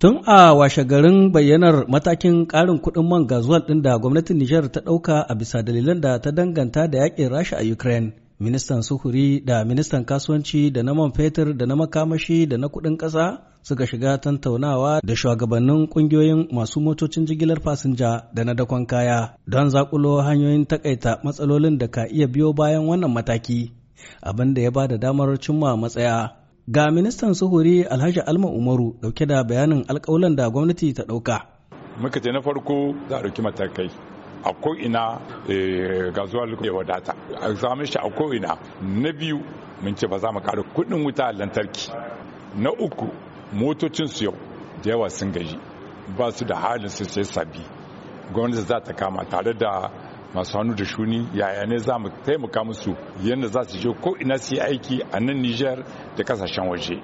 Tun a washe garin bayyanar matakin ƙarin kuɗin man gazuwal ɗin da gwamnatin Nijar ta ɗauka a bisa dalilan da ta danganta da yaƙin Rasha a Ukraine, ministan Suhuri da ministan kasuwanci da na man fetur da na makamashi da na kuɗin ƙasa suka shiga tantaunawa da shugabannin ƙungiyoyin masu motocin jigilar fasinja da na dakon kaya don zakulo hanyoyin takaita matsalolin da ka iya biyo bayan wannan mataki, abin da ya ba da damar cimma matsaya. Ga ministan suhuri Alhaji Alma Umaru dauke da bayanin alkawalan da gwamnati ta dauka. Muka ce na farko za a dauki matakai a ko'ina eh, zuwa lokacin wadata a zama shi a ko'ina na biyu mun ce ba za mu kara kuɗin wuta lantarki na uku motocin su yau da yawa sun gaji ba su da halin su sai sabi gwamnati za ta kama tare da masu hannu da shuni yaya ne za mu taimaka musu yadda za su je ko ina su yi aiki a nan Nijar da kasashen waje.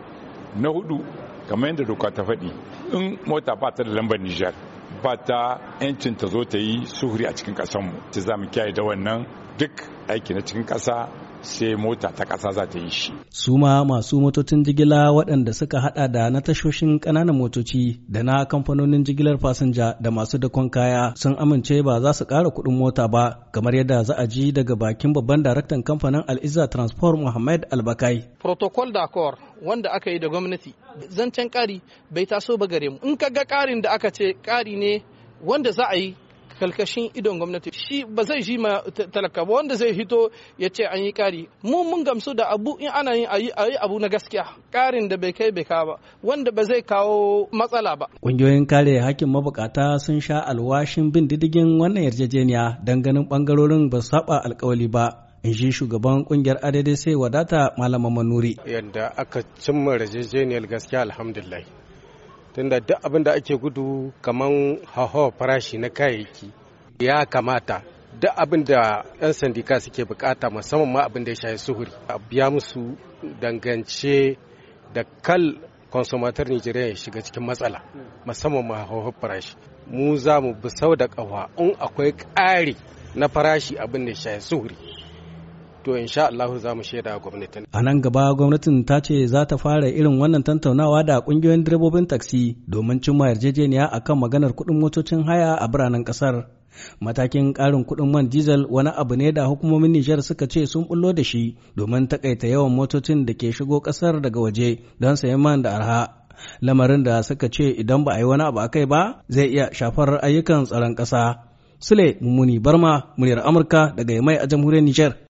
Na hudu kamar yadda doka ta faɗi in mota ba ta da lambar Nijar ba ta 'yancin ta zo ta yi suhuri a cikin ƙasarmu. Ta za mu kiyaye da wannan duk aiki na cikin ƙasa sai mota ta ƙasa za ta yi shi. Suma masu motocin jigila waɗanda suka haɗa da na tashoshin ƙananan motoci da na kamfanonin jigilar fasinja da masu dakon kaya sun amince ba za su ƙara kuɗin mota ba kamar yadda za a ji daga bakin babban daraktan kamfanin Al'izza Transport Muhammad Albakai. Protocol d'accord wanda aka yi da gwamnati zancen ƙari bai taso ba gare mu. In ka ga ƙarin da aka ce ƙari ne wanda za a yi kalkashin idon gwamnati shi ba zai ji ma talaka ba wanda zai hito ya ce an yi kari mu mun gamsu da abu in ana yin ayi yi abu na gaskiya karin da bai kai bai ba wanda ba zai kawo matsala ba kungiyoyin kare hakkin mabukata sun sha alwashin bin diddigin wannan yarjejeniya dan ganin bangarorin ba saba alkawali ba in ji shugaban kungiyar adadai sai wadata malama manuri yadda aka cimma yarjejeniyar gaskiya alhamdulillah tunda duk abin da ake gudu kamar haho farashi na kayayyaki ya kamata duk abin da 'yan sandika suke bukata musamman ma abin da ya shayi suhuri a biya musu dangance da kal consumatar nigeria ya shiga cikin matsala musamman ma haho farashi mu za mu bi sau da ƙafa in akwai ƙari na farashi abin da ya shayi suhuri to insha Allah za mu shaida gwamnatin a nan gaba gwamnatin ta ce za ta fara irin wannan tantaunawa da kungiyoyin direbobin taksi domin cimma yarjejeniya a kan maganar kuɗin motocin haya a biranen ƙasar matakin ƙarin kuɗin man diesel wani abu ne da hukumomin Nijar suka ce sun bullo da shi domin takaita yawan motocin da ke shigo ƙasar daga waje don sayan man da arha lamarin da suka ce idan ba a yi wani abu a kai ba zai iya shafar ayyukan tsaron ƙasa sule mummuni barma muryar amurka daga mai a jamhuriyar Nijar